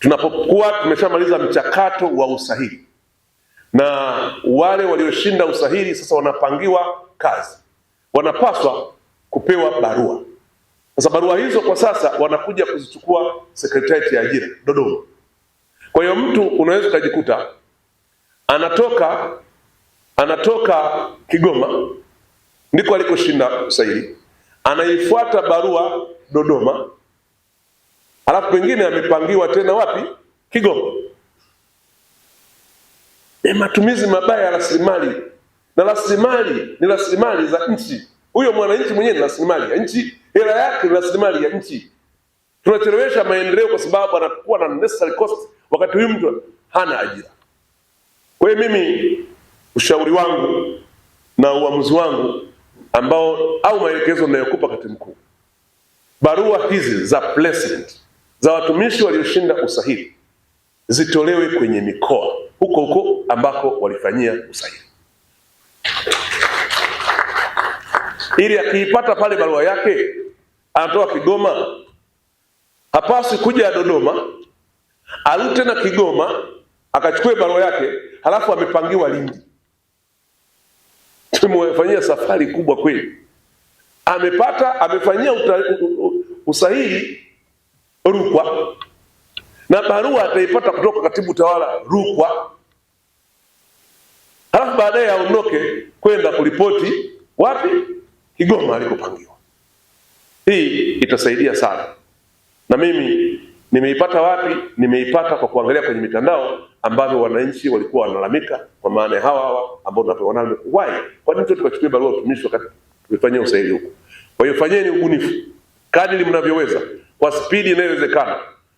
Tunapokuwa tumeshamaliza mchakato wa usahili na wale walioshinda usahili sasa wanapangiwa kazi, wanapaswa kupewa barua. Sasa barua hizo kwa sasa wanakuja kuzichukua sekretarieti ya ajira Dodoma. Kwa hiyo mtu unaweza ukajikuta anatoka anatoka Kigoma ndiko alikoshinda usahili, anaifuata barua Dodoma alafu pengine amepangiwa tena wapi? Kigoma. Ni matumizi mabaya ya rasilimali, na rasilimali ni rasilimali za nchi. Huyo mwananchi mwenyewe ni rasilimali ya nchi, hela yake ni rasilimali ya nchi. Tunachelewesha maendeleo kwa sababu anakuwa na necessary cost, wakati huyu mtu hana ajira. Kwa hiyo mimi ushauri wangu na uamuzi wangu ambao au maelekezo ninayokupa katibu mkuu, barua hizi za placement za watumishi walioshinda usahili zitolewe kwenye mikoa huko huko ambako walifanyia usahili, ili akiipata pale barua yake anatoka Kigoma, hapasi kuja Dodoma arudi tena Kigoma akachukue barua yake, halafu amepangiwa Lindi. Tumewafanyia safari kubwa kweli. Amepata, amefanyia usahihi Rukwa, na barua ataipata kutoka katibu tawala Rukwa, halafu baadaye aondoke kwenda kuripoti wapi? Kigoma alikopangiwa. Hii itasaidia sana, na mimi nimeipata wapi? Nimeipata kwa kuangalia kwenye mitandao ambavyo wananchi walikuwa wanalalamika, kwa maana ya hawa hawa ambao tunapona wai, kwa nini tukachukua barua utumishi wakati tumefanyia usaili huko? Kwa hiyo fanyeni ubunifu kadri mnavyoweza kwa spidi inayowezekana.